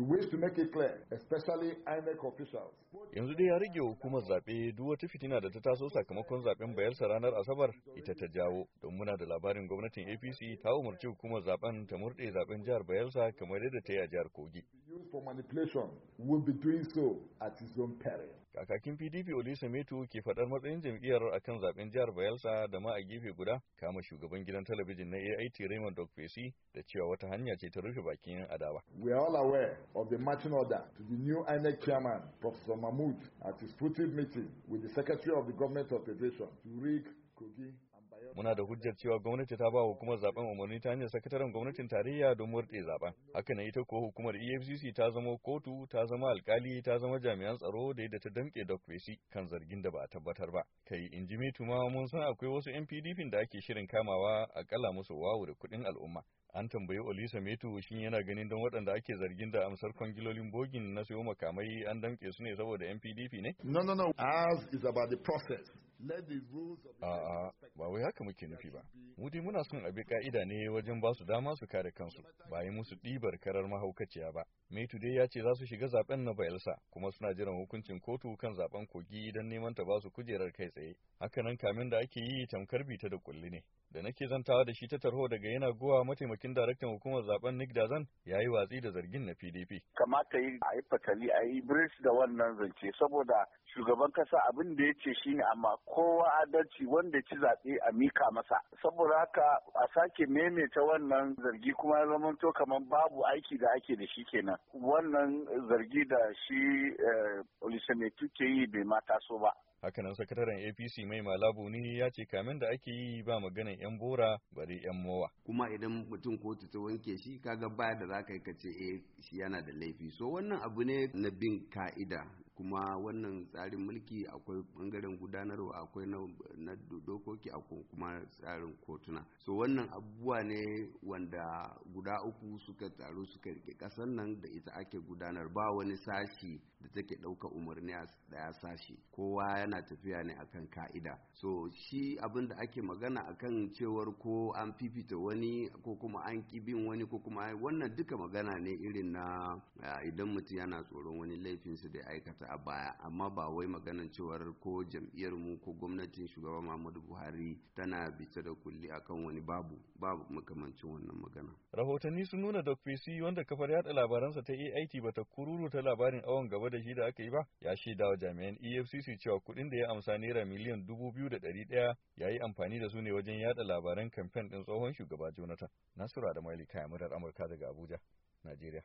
We to make it clear, Yanzu dai ya rage hukumar zaɓe duk wata fitina da ta taso sakamakon zaɓen bayelsa ranar Asabar ita ta jawo. Don muna da labarin gwamnatin APC ta umarci hukumar zaɓen ta murɗe zaɓen jihar Bayelsa kamar yadda ta yi a jihar Kogi. kakakin pdp olisa metu ke faɗar matsayin jam'iyyar akan zaben jihar bayelsa da ma a gefe guda kama shugaban gidan talabijin na ait raymond dokfesi da cewa wata hanya ce ta rufe bakin yan adawa we are all aware of the marching order to the new inec chairman professor mahmood at his meeting with the secretary of the government of federation to rig kogi muna da hujjar cewa gwamnati ta ba hukumar zaben umarni ta hanyar sakataren gwamnatin tarayya don murɗe zaben haka na ita ko hukumar efcc ta zama kotu ta zama alkali ta zama jami'an tsaro da yadda ta damƙe kwesi kan zargin da ba a tabbatar ba kai in ji ma mun san akwai wasu yan da ake shirin kamawa akalla musu wawu da kuɗin al'umma an tambayi olisa metu shin yana ganin don waɗanda ake zargin da amsar kwangilolin bogin na sayo makamai an damƙe su ne saboda npdp ne no no no as is about the process A'a, ba wai haka muke nufi ba. Mu dai muna son abin ka'ida ne wajen ba su dama su kare kansu, ba musu ɗibar karar mahaukaciya ba. Maitu dai ya ce za su shiga zaben na Bayelsa, kuma suna jiran hukuncin kotu kan zaben kogi don neman ta ba su kujerar kai tsaye. Haka nan, kamin da ake yi tamkar bita da kulli ne. Da nake zantawa da shi ta tarho daga yana gowa mataimakin daraktan hukumar zaben Nick Dazan ya yi watsi da zargin na PDP. Kamata yi a yi fatali a yi da wannan zance saboda shugaban kasa abin da ya ce shine amma kowa adalci wanda ci zaɓe a mika masa saboda haka a sake maimaita wannan zargi kuma ya zamanto kamar babu aiki da ake da shi kenan wannan zargi da shi eh, olusemetu ke yi bai ma taso ba Hakanan sakataren APC mai malabu ne ya ce kamin da ake yi ba maganan 'yan bora bari 'yan mowa. Kuma idan mutum kotu ta wanke shi kaga ba da za ka yi ka eh shi yana da laifi. So wannan abu ne na bin ka'ida kuma wannan tsarin mulki akwai bangaren gudanarwa akwai na dokoki akwai kuma tsarin kotuna. So wannan abubuwa ne wanda guda uku suka taru suka rike kasan nan da ita ake gudanar ba wani sashi take ɗauka umarni a ɗaya sashi kowa yana tafiya ne akan ka'ida so shi abin da ake magana akan cewar ko an fifita wani ko kuma an kibin wani ko kuma wannan duka magana ne irin na idan mutum yana tsoron wani laifinsa da aikata a baya amma ba wai maganan cewar ko jam'iyyar mu ko gwamnatin shugaba Muhammadu Buhari tana bita da kulli akan wani babu babu makamancin wannan magana rahotanni sun nuna Doc wanda kafar yada labaransa ta AIT bata kururu ta labarin awon gaba da da da aka yi ba ya shaida wa jami'an efcc cewa kuɗin da ya amsa naira miliyan dubu biyu da ɗari ɗaya ya yi amfani da su ne wajen yada labaran kamfen ɗin tsohon shugaba jonathan nasiru da ali ya murar amurka daga abuja najeriya